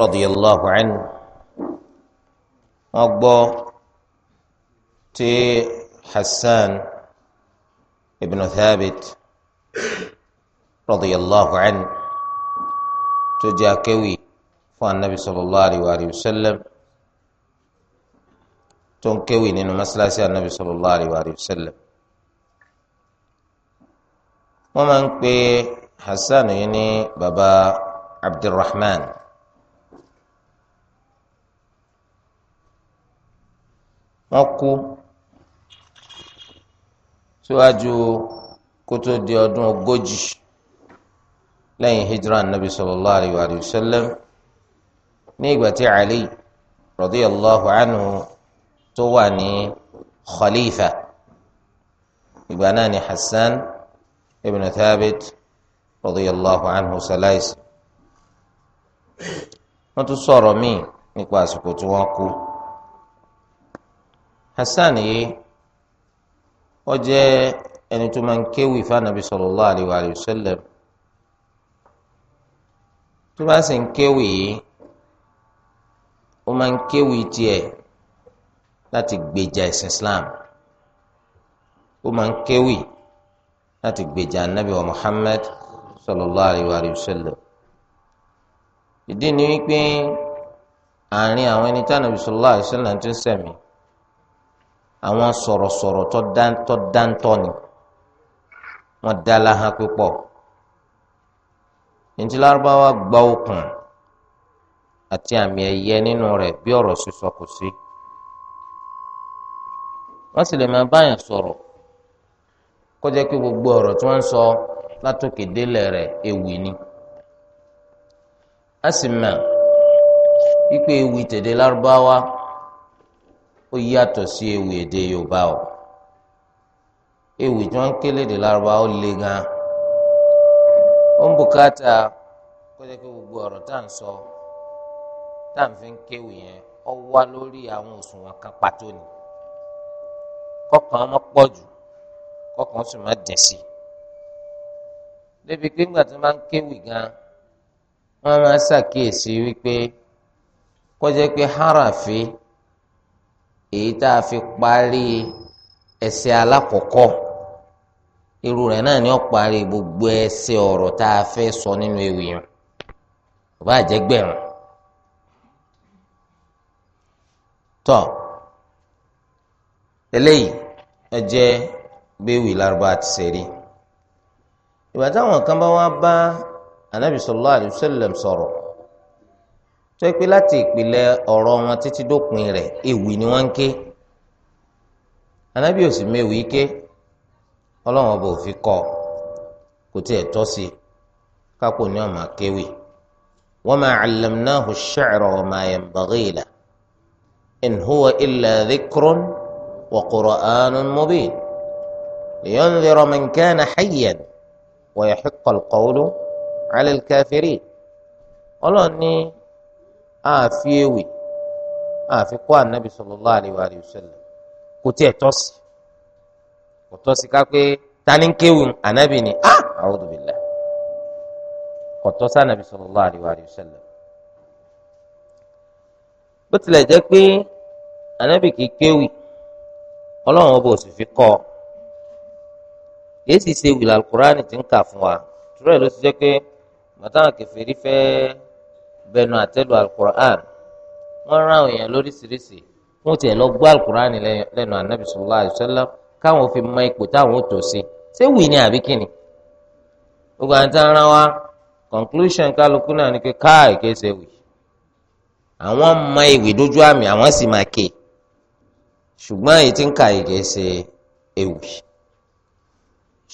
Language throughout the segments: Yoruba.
رضي الله عنه أبو تي حسان ابن ثابت رضي الله عنه تجاكوي فالنبي صلى الله عليه وآله وسلم تنكوي نينو مسلسي النبي صلى الله عليه وآله وسلم ومن حسان يني بابا عبد الرحمن wọ́n kú síwájú kótó di ọdún ogójì lẹ́yìn hijra nabi sallallahu alayhi wa sallam ní ìgbà tí ali radiyallahu anhu tó wà ní khalifa ìgbà náà ni hasan ibn thabit radiyallahu anhu salaisi wọ́n tún sọ̀rọ̀ míì nípa àsìkò tí wọ́n kú. Hasan yìí ó jẹ́ ẹni tó máa ń kéwì fáànàbí sallallahu alaihi wa sallam tó bá sì ń kéwì yìí ó máa ń kéwì tiẹ̀ láti gbèjà ẹ̀sìn Islam ó máa ń kéwì láti gbèjà anabi wa Muhammad sallallahu alaihi wa sallam ìdí ni wípé àárín àwọn ẹni tí anabi sallallahu alaihi wa sallam ti ń sẹ̀mí àwọn sọ̀rọ̀sọ̀rọ̀ tó dáńtọ́ ni wọ́n dá láhán púpọ̀ ntí lárúbáwá gba okùn àti àmì ẹ̀yẹ nínú rẹ̀ bí ọ̀rọ̀ sísọ kò sí wọ́n sì lè máa báyàn sọ̀rọ̀ kó jẹ́ pé gbogbo ọ̀rọ̀ tí wọ́n ń sọ látòkè délẹ̀ rẹ̀ ewì ni a sì mọ̀ wípé ewì tèdè lárúbáwá. ó yàtọ̀ sí ewì èdè yorùbá o ewì tí wọ́n kélé èdè lárúbá ó le gan ó ń bùkátà kọjá pé gbogbo ọ̀rọ̀ tá à ń sọ tá à ń fi ń kéwì yẹn ó wá lórí àwọn òṣùwọ̀n kan pàtó ni kọkàn ọmọ pọ̀ jù kọkàn sì má dín sí i débi pé ńgbà tí wọ́n máa ń kéwì gan wọ́n máa èyí tá a fi parí ẹsẹ̀ alákọ̀ọ́kọ́ irú rẹ̀ náà ni ó parí gbogbo ẹsẹ̀ ọ̀rọ̀ tá a fẹ́ sọ nínú ewì yẹn kò bá jẹ́ gbẹ̀rún tọ́ eléyìí ẹ jẹ́ bẹ́ẹ̀wì lárúbá àti sẹ́rí ìgbà táwọn kan bá wá bá anabi sallallahu alayhi wa sallam tó yẹ pé láti ìpìlẹ̀ ọ̀rọ̀ wọn títí dópin rẹ̀ ewì ni wọ́n ń ké anábì òsì mewì ké ọlọ́run ọba òfin kọ kò tiẹ̀ tọ́ sí kápò ní ọmọ akéwì wa ma allamnahu ash-shi'ra wa ma yanbaghi lahu in huwa illa dhikrun wa qur'anun mubin liyanzira man hayyan wa yahiqqa al-qawlu 'ala al-kafirin àfi ewì àfi kọ́ ànábì sallallahu alaihi wa sallam kò tiẹ̀ tọ́ sí kò tọ́ sí ká pé tani ń kéwì ànábì ni a a'udhu billahi kò tọ́ sí ànábì sallallahu alaihi wa sallam bó tilẹ̀ jẹ́ pé ànábì kì í kéwì ọlọ́run ọba òsì fi kọ́ ọ ṣe wìlà alukurani ti ń kà fún wa tùrọ̀ ló ti jẹ́ pé màtáwọn kẹfẹ́ rí fẹ́ẹ́ bẹnu àtẹ́lu alukur'an wọ́n rán àwọn èèyàn lóríṣiríṣi wọ́n tiẹ̀ lọ gbọ́ alukur'an lẹ́nu anabi sallallahu alayhi wa sallam káwọn fi mọ ipò táwọn ò tó sí ṣé wì ní àbí kìnnì gbogbo àwọn tá a rán wa conclusion kálukú náà ni pé káà kése wì àwọn mọ ìwé dójú àmì àwọn sì máa ké ṣùgbọ́n èyí tí ń ka èké ewì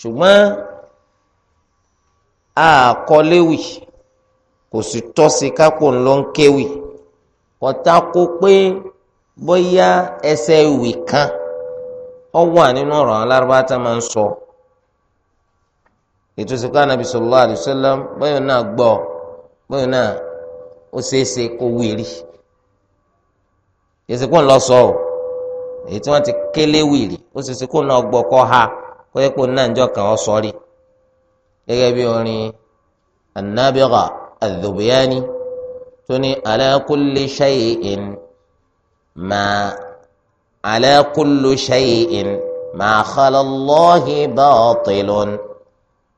ṣùgbọ́n àkọléwì. kò sì tọ́sí kápò ńlọ ń kéwì kọ́tà kó pé bóyá ẹsẹ̀ ìwì kan ọ wà nínú ọ̀rọ̀ tá a máa ń sọ ètò ìsìnkú náà náà ó ṣeéṣe kó sọ ọ èyí tí ti kélé ó ṣeéṣe kó náà ha kó yẹ kó الذبياني تني على كل شيء ما على كل شيء ما خلا الله باطل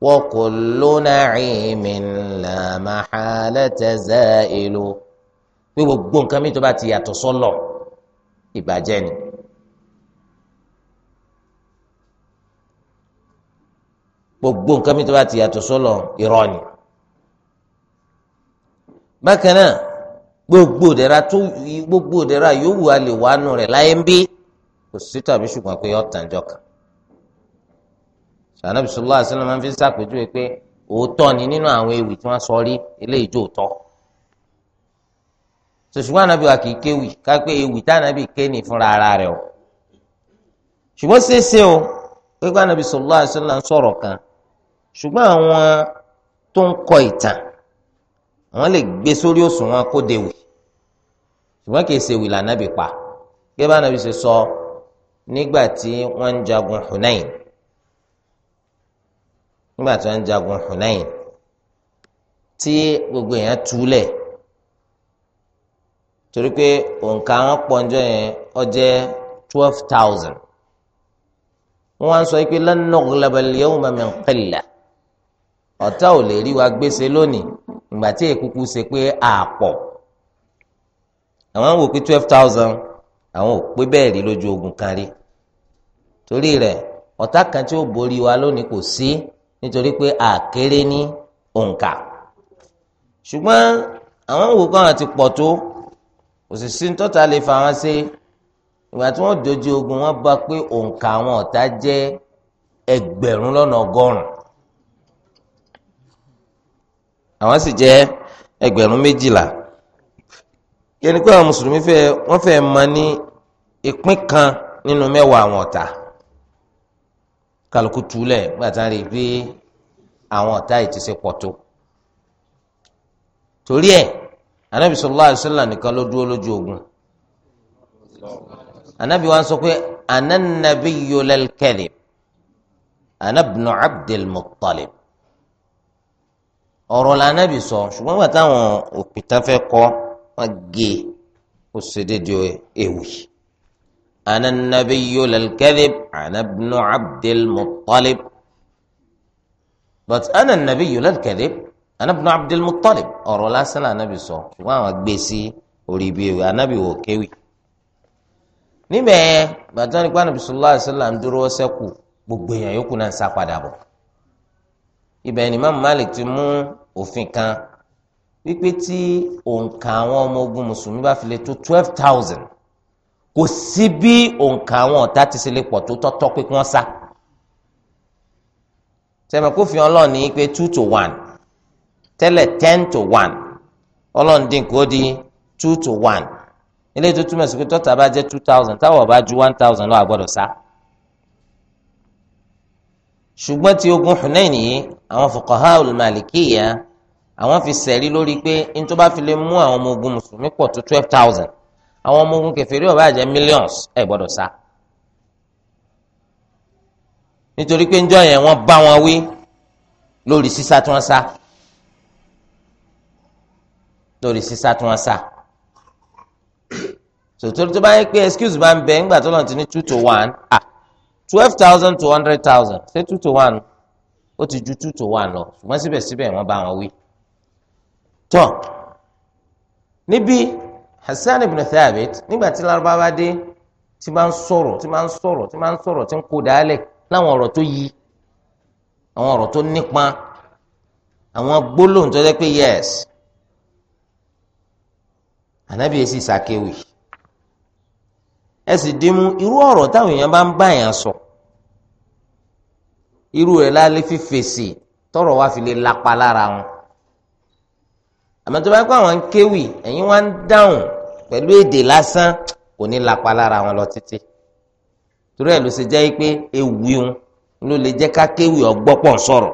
وكل نعيم لا محالة زائل pé gbogbo nǹkan mi tó bá ti yàtọ̀ sọ́lọ̀ ìbàjẹ́ ni. gbogbo nǹkan mi tó bá ti yàtọ̀ sọ́lọ̀ irọ́ ni bákan náà gbogbo ìdẹ̀ra tó gbogbo ìdẹ̀ra yòówù a lè wà nù rẹ̀ láyé ń bí kò sí tàbí ṣùgbọ́n pé ọ̀tàn jọ kan sànàbí sọlá àṣìlẹ máa ń fi ṣàpèjúwe pé òótọ́ ni nínú àwọn ewì tí wọ́n sọ rí eléyìí tó tọ́ sòṣùgbọ́n ànábì wa kì í kéwì kápẹ́ ewì tá ànábì ké ní fúnra ara rẹ̀ o ṣùgbọ́n ṣeéṣe o pé kí ànábì sọlá àṣìlẹ ń sọ̀rọ̀ kan ṣùgbọ́n àwọn tó ń kọ ìtàn àwọn lè gbé sórí òṣùwọ̀n kó de wì ṣùgbọ́n kì í ṣe wì lànàbì pa gẹ́gẹ́ bá nàbì ṣe sọ nígbà tí wọ́n ń jagun Hunain nígbà tí wọ́n ń jagun Hunain tí gbogbo èèyàn túlẹ̀ torí pé òǹkà wọn pọ̀njọ́ yẹn ó twelve thousand wọ́n wá ń sọ pé lan nughlaba al-yawma min qillah ọ̀tá ò lè rí wa gbèsè lónìí ìgbà tí èkúkú ṣe pé àpọ̀ àwọn wò pé twelve thousand àwọn ò pé bẹ́ẹ̀ rí lójú ogun kan rí torí rẹ̀ ọ̀tá kan tí ó borí wa lónìí kò sí nítorí pé àkéré ní òǹkà ṣùgbọ́n àwọn wò kàn ti pọ̀ tó kò tọ́ta lè fa wọn ṣe ìgbà tí wọ́n dojú ogun wọn bá pé òǹkà àwọn ọ̀tá jẹ́ ẹgbẹ̀rún lọ́nà ọgọ́rùn-ún àwọn sì jẹ́ ẹgbẹ̀rún méjìlá yẹni pé àwọn mùsùlùmí fẹ́ wọ́n fẹ́ mọ ní ìpín kan nínú mẹ́wàá àwọn ọ̀tá kálukú túlẹ̀ gbàtà rí i pé àwọn ọ̀tá yìí ti ṣe pọ̀ tó torí ẹ̀ anabi sallallahu alaihi wasallam nìkan ló dúró lójú ogun anabi wa sọ pé ananabi yolal kadhib anabnu abdul muttalib ọ̀rọ̀ la nábì sọ ṣùgbọ́n nígbà táwọn òpìtá fẹ́ kọ́ wọn gé e, ó ṣe dédé ewì. ana nabiyyu lal kadhib ana ibnu abdil muttalib but ana nabiyyu lal kadhib ana ibnu abdil muttalib ọ̀rọ̀ lásán la nábì sọ ṣùgbọ́n àwọn gbé e sí orí ibi ewì anábì wò kéwì. níbẹ̀ bàtà nípa nàbì sallallahu alaihi wasallam dúró gbogbo èèyàn yòókù náà ń sá padà bọ̀ ibẹ̀ ni Imam Malik ti mú òfin kan wípé tí òǹkà àwọn ọmọ ogun mùsùlùmí bá fi lè tó twelve thousand kò sí bí òǹkà àwọn ọ̀tá ti ṣe lè pọ̀ tó tọ́tọ́ pé kí wọ́n sá sẹ́mi kó fi ọlọ́run ní pé two to one tẹ́lẹ̀ ten to one ọlọ́run dín kó di two to one ilé tó túmọ̀ sí pé tọ́ta bá jẹ́ two thousand táwọn bá ju one thousand lọ àgbọ̀dọ̀ sá ṣùgbọ́n ti ogun Hunain yìí àwọn fukaha al-Malikiyya àwọn fi sẹ̀rí lórí pé n tó bá fi lè mú àwọn ọmọ ogun mùsùlùmí pọ̀ tó twelve thousand àwọn ọmọ ogun kèfèrí ó bá millions ẹ̀ gbọ́dọ̀ sá nítorí pé njọ́ yẹn wọ́n bá wọn wí lórí sísá tí wọ́n sá lórí sísá tí wọ́n sá sòtòrí tó bá yẹ pé excuse bá ń bẹ ńgbà tó lọ́n ti ní two to one ah twelve thousand to hundred thousand Say two to one ó ti ju two to one lọ ṣùgbọ́n síbẹ̀síbẹ̀ wọ́n bá wọn wí. tọ́ níbi Hassan ibn Thabit nígbà tí Lárúbáwá dé tí máa ń sọ̀rọ̀ tí máa ń sọ̀rọ̀ tí máa ń sọ̀rọ̀ tí ń kó dálẹ̀ láwọn ọ̀rọ̀ tó yí àwọn ọ̀rọ̀ tó nípa àwọn gbólóhùn tó jẹ́ pé yes ànábìyèsí sàkéwì ẹ sì dì mú irú ọ̀rọ̀ táwọn èèyàn bá ń bá èèyàn sọ irú rẹ̀ lálẹ́ fífèsì tọrọ wá fi lè lapa lára wọn àmọ́ tó bá pẹ́ àwọn ń kéwì ẹ̀yin wá ń dáhùn pẹ̀lú èdè lásán kò ní lapa lára wọn lọ títí torí ẹ̀ ló ṣe jẹ́ pé ewì ló lè jẹ́ ká kéwì ọgbọ́pọ̀ sọ̀rọ̀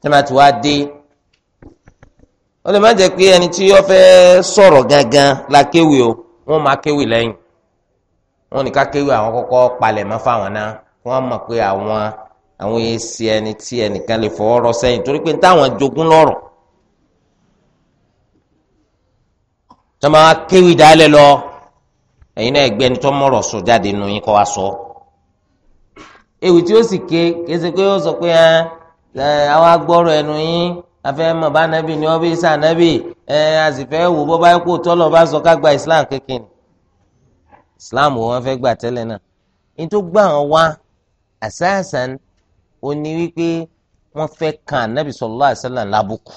tí wọ́n ti wá dé ó lè má jẹ́ pé ẹni tí ó fẹ́ sọ̀rọ̀ gangan la kéwì o wọ́n máa kéwì lẹ́yìn wọ́n ní ká kéwì àwọn kọ́kọ́ palẹ̀ mọ́ fáwọn náà wọ́n mọ̀ pé àwọn àwọn èsì ẹni tí ẹnìkan lè fọwọ́ rọ sẹ́yìn torí pé táwọn jogún lọ́rọ̀ tó máa kéwì dálẹ̀ lọ ẹ̀yin náà ẹgbẹ́ ẹni tó mọ̀rọ̀ sọ jáde nù yín kọ́ wa sọ ewì tí ó sì ké kí pé ó sọ pé àwọn agbọ́rọ̀ ẹnu yín afẹ́ mọ̀ bá nàbì ni wọ́n bí sá nàbì ẹ̀ àsìfẹ́ wò bó bá kú tọ́lọ̀ bá sọ ká gba islam kékeré islam wo wọ́n fẹ́ gbà tẹ́lẹ̀ náà nítorí gbà wọ́n wá àṣàṣàn òní wípé wọ́n fẹ́ kan nàbì sallallahu alaihi wasallam lábùkù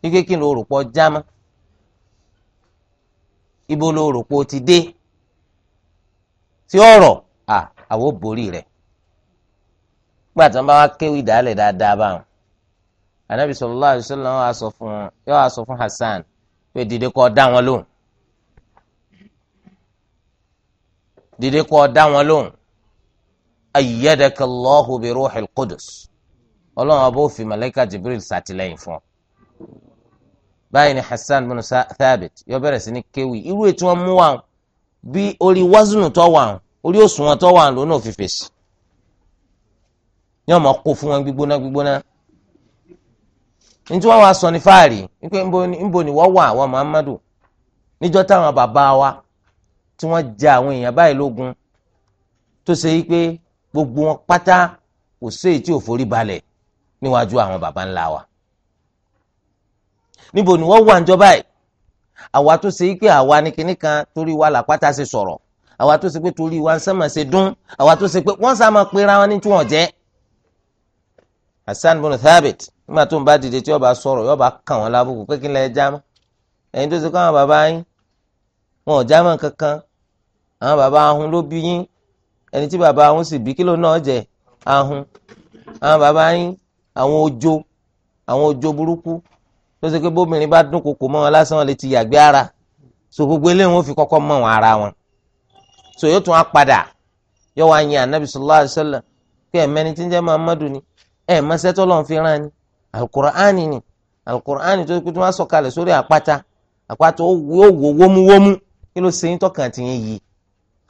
wípé kí ni orùpọ̀ jámá ibo lo orùpọ̀ ti dé tí ọ̀rọ̀ à àwọn borí rẹ̀ gbàtàn bá wá kéwì dálẹ̀ dáadáa báwọn anabi sallallahu alaihi wasallam yóò aṣọ fún yóò aṣọ fún Hasan pé dìde kó dá wọn lóhùn dìde kó dá wọn lóhùn ayyadaka Allahu bi ruhil qudus ọlọ́run ọba òfin malayika Jibril ṣàtìlẹ́yìn fún ọ báyìí ni Hasan bin Thabit yóò bẹ̀rẹ̀ sí ní kéwì irú ètò wọn mú wa bí orí wazunu tó wà orí òṣùwọ̀n tó wà lónà òfìfèsì ní ọmọ kó fún wọn gbígbóná gbígbóná ní tí wọ́n wá sọ ní fáàrí wípé ńbo ni wọ́n wà àwọn Muhammadu níjọ́ táwọn bàbá wa tí wọ́n jẹ àwọn èèyàn báyìí lógun tó ṣe wípé gbogbo wọn pátá kò sí èyí tí ò forí balẹ̀ níwájú àwọn baba ńlá wa níbo ni wọ́n wà ń jọba yìí àwa tó ṣe pé àwa ni kinní kan torí wa làpáta ṣe sọ̀rọ̀ àwa tó ṣe pé torí wa ń sẹ́mọ̀ ṣe dún àwa tó ṣe pé wọ́n sá máa pera wọn ní tí wọ́n jẹ́ Hasan bin Thabit nígbà tó ń bá dìde tí ó bá sọ̀rọ̀ yóò bá kàn wọ́n lábùkù pé kí n lè já mọ́ ẹ̀yin tó ti kọ́ àwọn bàbá yín wọn ò já mọ́ kankan àwọn bàbá ahun ló bí yín ẹni tí bàbá ahun sì bí kílò náà jẹ ahun àwọn bàbá yín àwọn ojo àwọn ojo burúkú tó ṣe pé bóbìnrin bá dún kòkò mọ́ wọn lásán wọn lè ti yàgbé ara so gbogbo eléyìí wọn fi kọ́kọ́ mọ́ wọn ara wọn so yóò tún á padà wá yin anabi sallallahu alayhi pé ẹ̀mẹ́ni tí ń jẹ́ muhammadu ni ẹ mọṣẹ́ tó lọ́n fi rán ni alukur'ani ni alukur'ani tó kí tó máa sọ̀kalẹ̀ sórí àpáta àpáta ó wò wómúwómú kí ló ṣe ń tọkàn tì yín yìí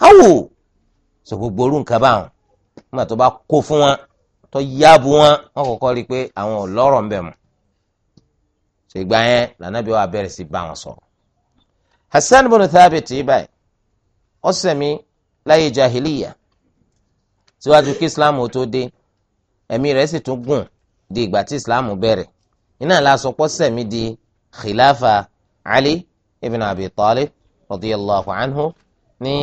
awò sọ gbogbo orú nǹkan báwọn nígbà tó bá kó fún wọn tó yáàbù wọn wọn kọ́kọ́ rí i pé àwọn ò lọ́rọ̀ ń bẹ̀ mọ́ ṣègbà yẹn lànàbí wa bẹ̀rẹ̀ sí bá wọn sọ̀rọ̀ Hassan bin Thabit báyìí ọ̀sẹ̀ mi láyé jahiliya síwájú kí Islam ò tó dé ẹ̀mí rẹ̀ sì tún gùn di ìgbà tí islam bẹ̀rẹ̀ iná la sọ pọ́ sẹ̀mí di khilafa ali ibn abi talib radiyallahu anhu ní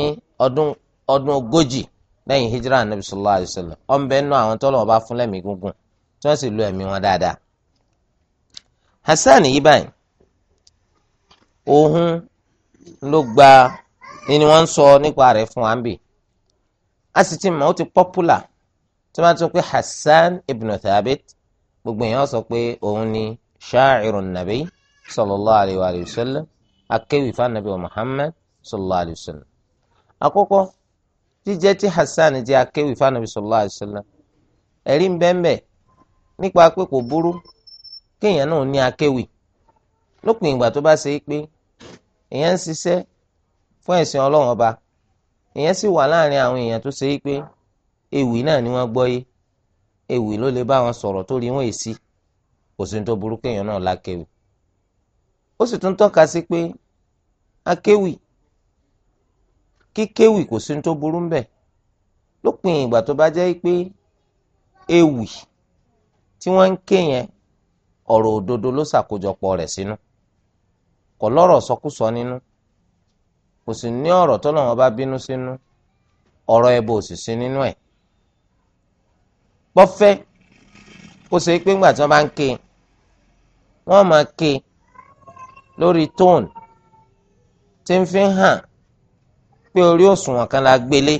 ọdún ọdún ogójì lẹ́yìn hijra anabi sallallahu alayhi wa sallam ọ̀nbẹ nù àwọn tọ́lọ̀ ọba fún lẹ́mí gúngùn tí wọ́n sì lo ẹ̀mí wọn dáadáa. hasan yìí báyìí òun ló gba ni wọ́n ń sọ nípa rẹ̀ fún wa ń bì a sì ti mọ̀ ó ti pọ́pùlà tí wọ́n ti sọ pé Hassan ibn Thabit gbogbo èèyàn sọ pé òun ni sha'irun nabi sallallahu alayhi wa sallam akéwì fanabi wa Muhammad sallallahu alayhi wa sallam. àkọ́kọ́ jíjẹ́ tí Hassan jẹ́ akéwì fanabi sallallahu alayhi wa sallam ẹ̀rí ń bẹ́ńbẹ́ nípa pé kò burú kéèyàn náà ní akéwì lópin ìgbà tó bá ṣe é pé èèyàn ń ṣiṣẹ́ fún ẹ̀sìn ọlọ́run ọba èèyàn sì wà láàrin àwọn èèyàn tó ṣe é pé ewì náà ni wọ́n gbọ́ yé ewì ló lè bá wọn sọ̀rọ̀ tó rí wọn èsì kò sí tó burú kéèyàn náà lákéwì ó sì tún tọ́ka sí pé akéwì kíkéwì kò sí tó burú ńbẹ̀ lópin ìgbà tó bá jẹ́ pé ewì tí wọ́n ń ké yẹn ọ̀rọ̀ òdodo ló ṣàkójọpọ̀ rẹ̀ sínú kò lọ́rọ̀ sọkúsọ nínú kò sì ní ọ̀rọ̀ tọ́lọ́wọ́n bá bínú sínú ọ̀rọ̀ ẹbọ ò sí nínú ẹ̀ pọ́fẹ́ ó ṣe pé ńgbà tí wọ́n bá ń ké wọ́n máa ké lórí tóun tí ń fi hàn pé orí òṣùwọ̀n kan la gbélé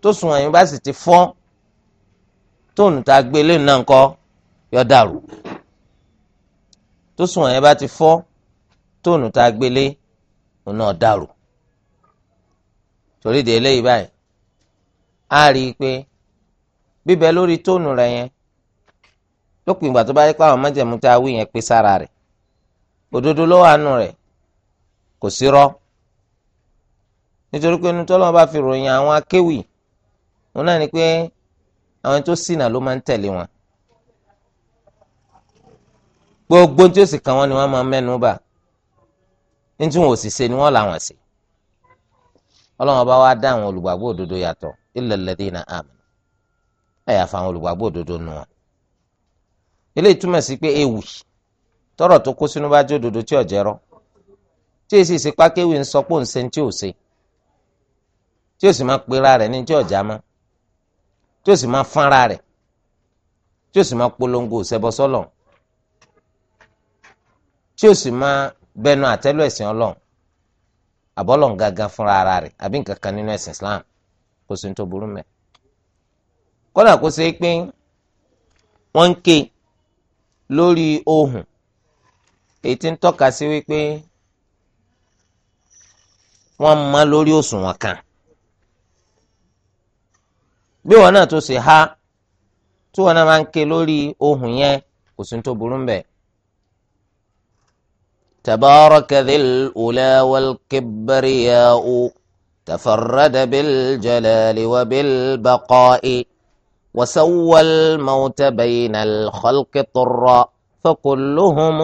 tó sùnwọ̀n yín bá sì ti fọ́ tóun tá a gbélé náà kọ́ yọ dàrú tó sùnwọ̀n yín bá ti fọ́ tóun tá a gbélé náà dàrú torí de eléyìí báyìí a rí i pé. bíbẹ lórí tóònù rẹ yẹn lópin ìgbà tó bá yẹ pé àwọn májẹ̀mú tá a wí yẹn pé sára rẹ òdodo ló wà nù rẹ̀ kò sí rọ́ nítorí pé inú tọ́lọ́ bá fi ròyìn àwọn akéwì wọn náà ni pé àwọn tó ṣìnà ló máa ń tẹ̀lé wọn gbogbo tí ó sì kàn wọn ni àyàfà àwọn olùgbàgbọ́ òdodo nù wọn. eléyìí túmọ̀ sí pé ewì tọrọ tó kó sínú bá jẹ́ òdodo tí ò jẹ́rọ tí èsì ìsìpá kéwì ń sọ pé òun ṣe tí ò ṣe tí ò sì máa pera rẹ̀ ní tí ò já mọ́ tí ò sì máa fánra rẹ̀ tí ò sì máa polongo òṣèbọ sọ́lọ̀ tí ò sì máa bẹnu àtẹ́lù ẹ̀sìn ọlọ́run àbọ́lọ̀ ń gangan fúnra ara rẹ̀ àbí nǹkan kan nínú ẹ̀sìn Islam kò sí ní tó burú mẹ́ẹ̀ kódà kó ṣe pé wọ́n ń ké lórí ohùn èyí tí ń tọ́ka sí wípé wọ́n mọ lórí òṣùwọ̀n kan bí wọn náà tó ṣe há tí wọn náà máa ń ké lórí ohùn yẹn kò sí tó burú mbẹ. تبارك ذي الأولى والكبرياء تفرد بالجلال وبالبقاء وسوى الموت بين الخلق طرا فكلهم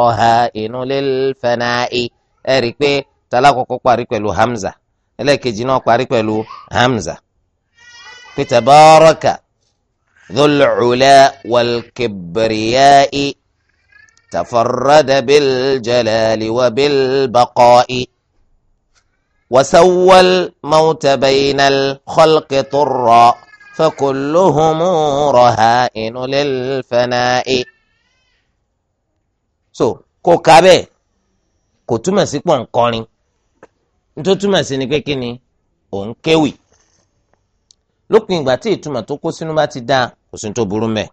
رهائن للفناء اريبي تلاكو كوكواري كيلو همزه اليك جنو كواري كيلو همزه تبارك ذو العلا والكبرياء تفرد بالجلال وبالبقاء وسوى الموت بين الخلق طرا فكلهم رهائن للفناء so kò ká bẹ́ẹ̀ kò túmọ̀ sí pọ̀ nkọrin nítorí túmọ̀ sí ni pé kí ni òun kéwì lópin ìgbà tí ìtumọ̀ tó kó sínú bá ti dá kò sí tó burú mẹ́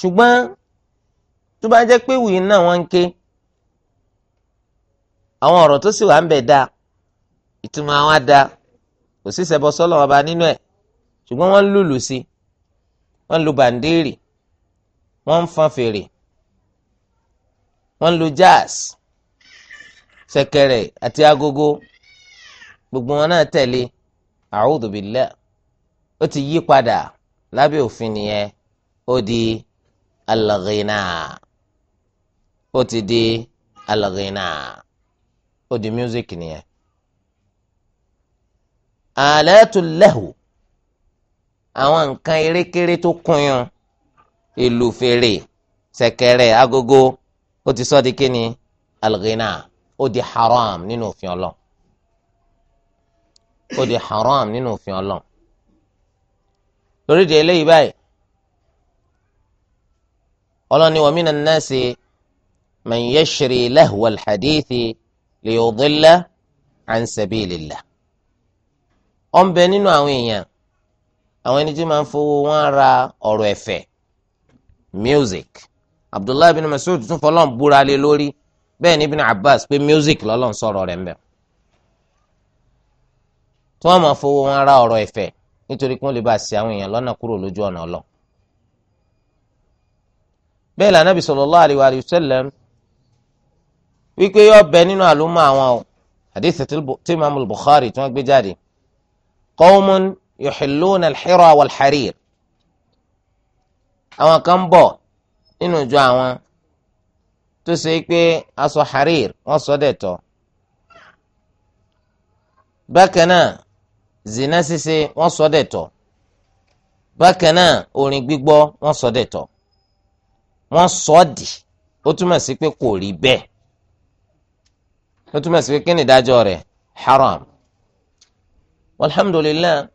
ṣùgbọ́n tó bá jẹ́ pé wìí náà wọ́n ń ké àwọn ọ̀rọ̀ tó sì wà ń bẹ̀ dá ìtumọ̀ àwọn á dá kò sí ṣẹbọ sọ́lọ̀ ọba nínú ẹ̀ ṣùgbọ́n wọ́n ń lùlù sí wọ́n ń lu bàndéèrì wọ́n ń fọn fèrè wọ́n ń lu jazz ṣẹ̀kẹ̀rẹ̀ àti agogo gbogbo wọn náà tẹ̀lé a'udhu billah ó ti yí padà lábẹ́ òfin nìyẹn ó di al-ghina ó ti di al-ghina ó di music nìyẹn àlẹ́tùn lẹ́hù àwọn nǹkan erékeré tó kúnyún ìlú fèrè ṣẹ̀kẹ̀rẹ̀ agogo ó ti sọ di kíni alghina ó di haram nínú òfin Ọlọ́run ó di haram nínú òfin Ọlọ́run lórí de eléyìí báyìí ọlọ́ni wa minan nasi man yashri lahwal hadithi liyudilla an sabilillah ó ń bẹ nínú àwọn èèyàn àwọn ẹni tí máa ń fowó wọn ra ọ̀rọ̀ ẹ̀fẹ̀ music abdullahi bin masoud tún fọlọ́n búra lé lórí bẹ́ẹ̀ ni ibn abbas pé music lọ́lọ́n sọ̀rọ̀ rẹ̀ ń bẹ̀ tí wọ́n máa fowó wọn ra ọ̀rọ̀ ẹ̀fẹ̀ nítorí kí wọ́n lè bá ṣì àwọn èèyàn lọ́nà kúrò lójú ọ̀nà ọlọ́ bẹ́ẹ̀ la Nabi sallallahu alaihi wa sallam wípé yọ bẹ nínú àlùmọ́ àwọn hadith tí قوم يحلون al والحرير. wal-harir àwọn kan bọ̀ nínú ìjọ àwọn tó ṣe pé aṣọ harir wọ́n sọ dẹ̀ tọ́ bákan náà zina ṣíṣe wọ́n sọ dẹ̀ tọ́ bákan náà orin gbígbọ́ wọ́n sọ dẹ̀ tọ́ wọ́n sọ dì ó túmọ̀ sí pé kò rí bẹ́ẹ̀ ó túmọ̀ sí pé kí ni ìdájọ́ rẹ̀ haram alhamdulilayi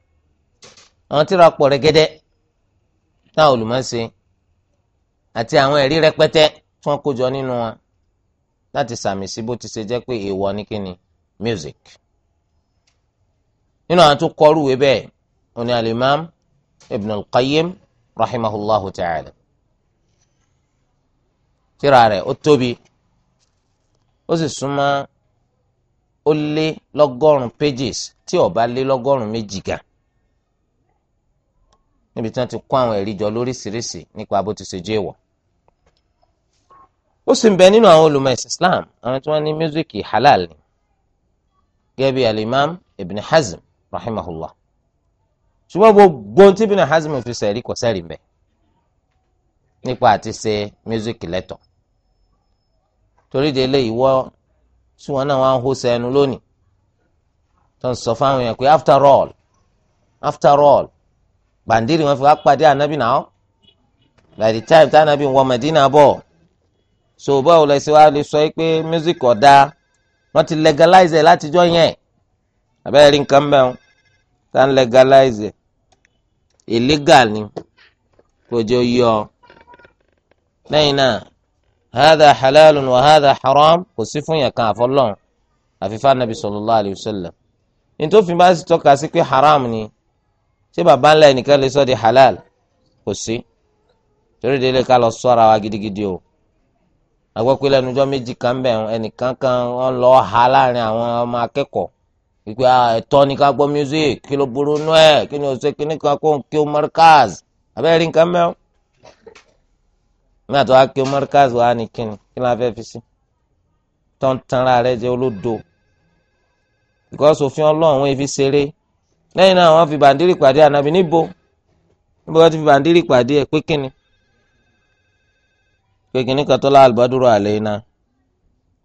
àwọn tíra pọ̀ rẹ́gẹ́dẹ́ táwọn olùmọ̀ọ́sẹ̀ àti àwọn ẹ̀rí rẹpẹtẹ tí wọ́n kó jọ nínú wọn láti sàmì sí bó ti ṣe jẹ́ pé èèwọ̀ ní kíni music nínú àwọn tó kọrú ìwé bẹ́ẹ̀ oní alimam ibn al-qayyim rahimahullahu ta'ala tíra rẹ̀ ó tóbi ó sì súnmọ́ ó lé lọ́gọ́rùn pages tí ó lé lọ́gọ́rùn méjì gan níbi tí wọ́n ti kó àwọn ẹ̀rí jọ lóríṣiríṣi nípa bó ti ṣe jẹ́ ìwọ̀ ó sì ń bẹ nínú àwọn olùmọ̀ ẹ̀sìn Islam àwọn tí wọ́n ní mísíkì halal ni gẹ́gẹ́ alimam Ibn Hazm rahimahullah ṣùgbọ́n gbogbo tí Ibn Hazm fi sẹ̀rí kò sẹ́rí mbẹ́ nípa àti ṣe mísíkì lẹ́tọ̀ torí de ilé ìwọ tí wọn náà wá ń hó sẹ́nu lónìí tó ń sọ fáwọn èèyàn pé after all after all gbàǹdírì wọn fi wá pàdé ànábì náà by the time tánábì ń wọ Medina bọ̀ so báwo lẹ ṣe wá lè sọ pé music ọ̀dà wọ́n ti legalize ẹ̀ látijọ́ yẹn abẹ́rẹ́ rí nǹkan bẹ́ẹ̀ tá ń legalize illegal ni kò jẹ́ yọ lẹ́yìn náà hadha halalun wa hadha haram kò sí fún yẹn kan àfọlọ́n àfifá nàbì sallallahu alayhi wa sallam nítòfin bá sì tọ́ka sí pé haram ni ṣé bàbá ńlá ẹnìkan lè sọ di halal kò sí torí délé ká lọ sọ́ra wa gidigidi o agbọ́pẹ́ lẹ́nu ọjọ́ méjì kan bẹ̀ ẹnìkan kan wọ́n lọ ha láàrin àwọn ọmọ akẹ́kọ̀ọ́ wípé ẹ̀tọ́ ni ká gbọ́ music kí ló burú nú ẹ̀ kí ni òṣèkí ní ká kó ń kí ó mọ́rkàz abẹ́rẹ́ nǹkan mẹ́wọ́n nígbà tó wá pé mọ́ríkàzì wa ni kíni kí la fẹ́ fi sí tó ń tanra rẹ jẹ́ olódo because òfin ọlọ́run èfi ṣeré lẹ́yìn náà wọ́n fi bàndírì pàdé ànábì níbo níbo wọ́n ti fi bàndírì pàdé ẹ̀ pé kíni pé kíni kan tó lá àlùbọ́dúró àlẹ́ iná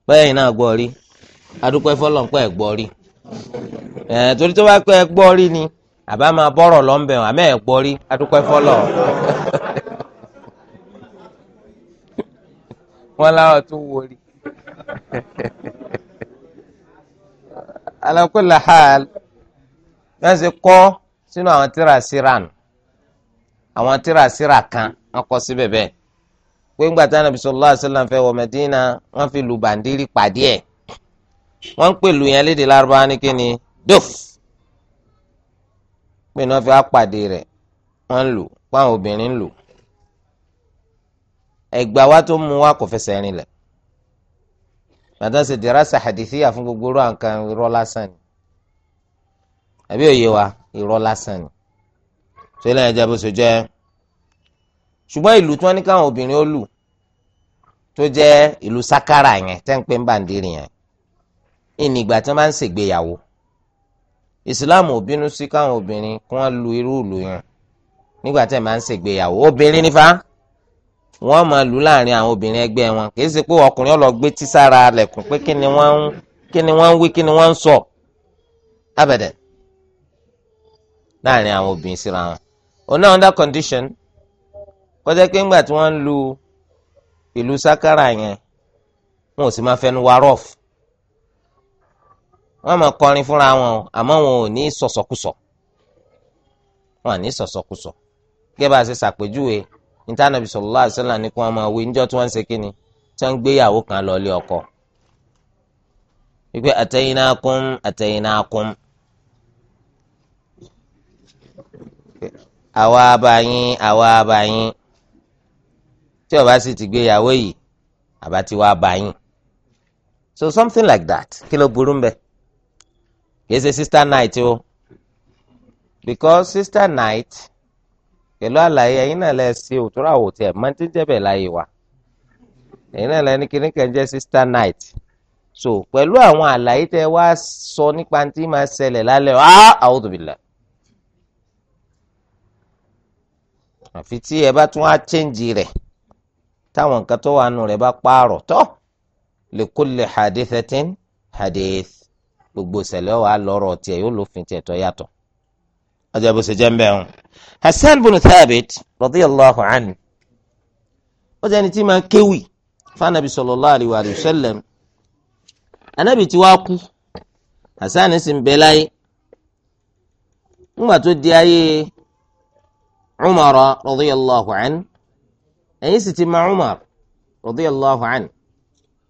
bẹ́ẹ̀ iná gbọ́ rí adúpẹ́ fọlọ́npẹ́ ẹ̀ gbọ́ rí ẹ̀ torí tó bá pẹ́ ẹ gbọ́ rí ni àbá máa bọ́rọ̀ lọ́nbẹ̀ àmẹ́ ẹ̀ gbọ́ rí adúpẹ́ fọlọ́. wọ́n láwọn tún wọlé alákòlá ha wọ́n ṣe kọ sínú àwọn tíra síra nù àwọn tíra síra kan wọ́n kọ síbẹ̀ bẹ́ẹ̀ pé ńgbà tí Ànábì sallallahu alaihi wasallam fẹ́ wọ Mẹdínà wọ́n fi lu bàndírí pàdé ẹ̀ wọ́n pè lu yẹn lédè lárúbáwá ní kíni dof pé náà fi á pàdé rẹ̀ wọ́n ń lò obìnrin ń ẹgbà wa tó mú wa kò fẹsẹ̀ rìn lẹ̀ bàtà ṣe dìrasa hadithiya fún gbogbo rọ nǹkan irọ́ lásán ni àbí òye wa irọ́ lásán ni ṣé lẹ́yìn ẹja bó ṣe jẹ́ ṣùgbọ́n ìlú tí wọ́n ní káwọn obìnrin ó lù tó jẹ́ ìlú sakara yẹn tẹ́ ń pè ń bàǹdìrì yẹn ìní ìgbà tí wọ́n máa ń ṣègbéyàwó ìsìláàmù ò bínú sí káwọn obìnrin kí wọ́n lu irú ìlú yẹn nígbà tí wọ́n máa ń ṣègbéyàwó obìnrin nífa wọ́n máa lù láàrin àwọn obìnrin ẹgbẹ́ wọn kì í ṣe pé ọkùnrin ọlọ gbé tí sára lẹ̀kùn pé kí ni wọ́n ń kí wí kí ni wọ́n ń sọ abẹ́dẹ̀ láàrin àwọn obìnrin síra wọn. ọ̀nà under condition kọjá pé ńgbà tí wọ́n ń lu ìlú sákàrà yẹn wọn ò sì máa fẹnu wa rọ́ọ̀fù wọ́n máa kọrin fúnra wọn àmọ́ wọn ò ní sọ̀sọ̀kùsọ̀ wọn à ní sọ̀sọ̀kùsọ̀ gẹ́gẹ́ bá a ṣe ṣàpèjúwe níta nàbì sallallahu alaihi wasallam ní kí wọ́n máa wí níjọ́ tí wọ́n ń ṣe kí ni tí wọ́n ń gbéyàwó kan lọ lé ọkọ. wípé ataynakum ataynakum àwa abayín àwa abayín tí ó bá sì ti gbéyàwó yìí àbá ti wá abayín so something like that kí ló burú mbẹ kì í ṣe sister night o because sister night pẹ̀lú àlàyé ẹ̀yin náà lẹ ṣe òtúrọ̀ àwò tiẹ̀ máa ti ń jẹ́bẹ̀ láyé wa ẹ̀yin náà lẹni kíní kan jẹ́ sister night so pẹ̀lú àwọn àlàyé tẹ wá sọ nípa tí máa ṣẹlẹ̀ lálẹ́ ọ́ a'udhu billah àfi tí ẹ bá tún á chẹ́ǹjì rẹ̀ táwọn nǹkan tó wà nù rẹ̀ bá pààrọ̀ tọ́ li kulli hadithatin hadith gbogbo ìṣẹ̀lẹ̀ wà lọ́rọ̀ tiẹ̀ yóò lófin tiẹ̀ tó yàtọ̀ ọjọ́ ìbùsùn ń Hasan bin Thabit radiyallahu anhu ó jẹ́ ẹni tí máa kéwì fanabi sallallahu alayhi wa sallam anabi ti wá kú Hasan sì ń bẹ láyé ńgbà tó di ayé Umar radiyallahu anhu ẹ̀yin sì ti ma Umar radiyallahu anhu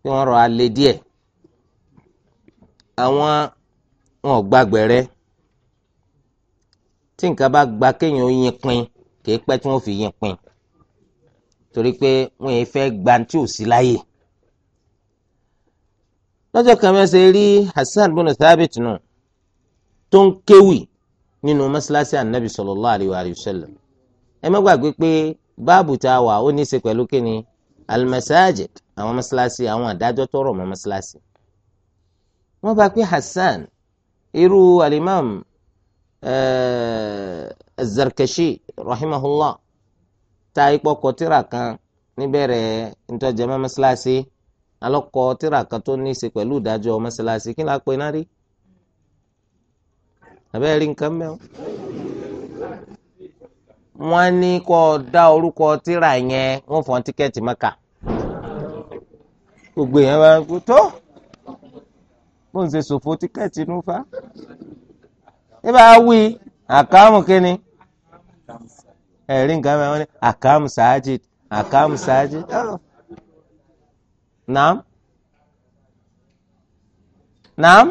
kí wọ́n rọ alẹ́ díẹ̀ àwọn wọn ò gbàgbẹ́rẹ́ tí nǹkan bá gba kéèyàn yín pin kìí pẹ́ tí wọ́n fi yín pin torí pé wọ́n yẹn fẹ́ gba tí ò sí láyè. lọ́jọ́ kan mẹ́sẹ̀ rí Hasan bin Thabit nù tó ń kéwì nínú mọ́ṣáláṣí ànábì sallallahu alaihi wa sallam ẹ má gbàgbé pé báàbù tá a wà ó ní í ṣe pẹ̀lú kíni almasajid àwọn mọ́ṣáláṣí àwọn àdájọ́ tó rọ̀ mọ́ mọ́ṣáláṣí. wọ́n bá pé Hasan irú alimam Eh, Zarkashi rahimahullah ta ikpo kọ tírà kan níbẹ̀rẹ̀ ntọ́jẹ́mọ́ mọ́sálásí alọ́kọ tírà tó ní í ṣe pẹ̀lú ìdájọ́ mọ́sálásí kí la pè náà rí àbẹ́rẹ́ rí nǹkan mẹ́wọ́. wọ́n ní kó dá orúkọ yẹn wọ́n fọ́n tíkẹ́ẹ̀tì níbà wí àkàmù kínní ẹ̀rí nǹkan mẹ́wọ́n ní àkàmù sáájì àkàmù sáájì naam naam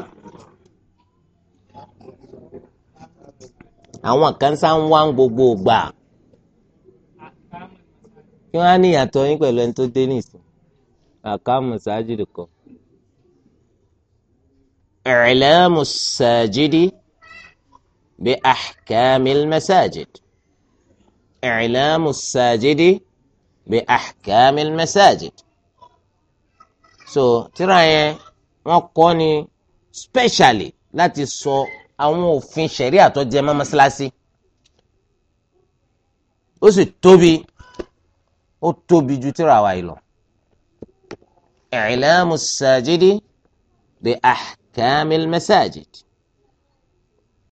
àwọn kan sá ń wá gbogbo gbà kí wọ́n á ní ìyàtọ̀ yín pẹ̀lú ẹni tó dé nìsín àkàmù sáájì kọ. إعلام الساجد بأحكام المساجد إعلام الساجد بأحكام المساجد so tíra yẹn wọ́n specially láti sọ àwọn òfin ṣẹ̀rí àtọ́jẹ mọ́ mọ́sálásí ó sì tóbi ó tóbi ju tíra wa yìí lọ إعلام الساجد بأحكام المساجد.